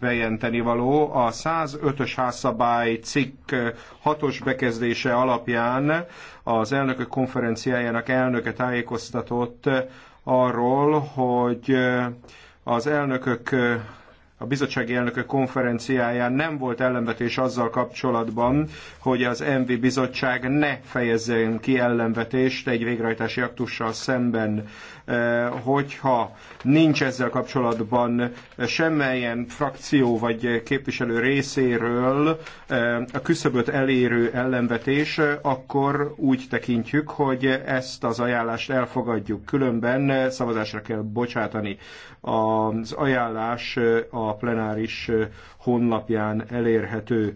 bejelenteni való. A 105-ös házszabály cikk 6-os bekezdése alapján az elnökök konferenciájának elnöke tájékoztatott arról, hogy az elnökök a bizottsági elnökök konferenciáján nem volt ellenvetés azzal kapcsolatban, hogy az ENVI bizottság ne fejezzen ki ellenvetést egy végrehajtási aktussal szemben. E, hogyha nincs ezzel kapcsolatban semmilyen frakció vagy képviselő részéről e, a küszöböt elérő ellenvetés, akkor úgy tekintjük, hogy ezt az ajánlást elfogadjuk. Különben szavazásra kell bocsátani. Az ajánlás a plenáris honlapján elérhető.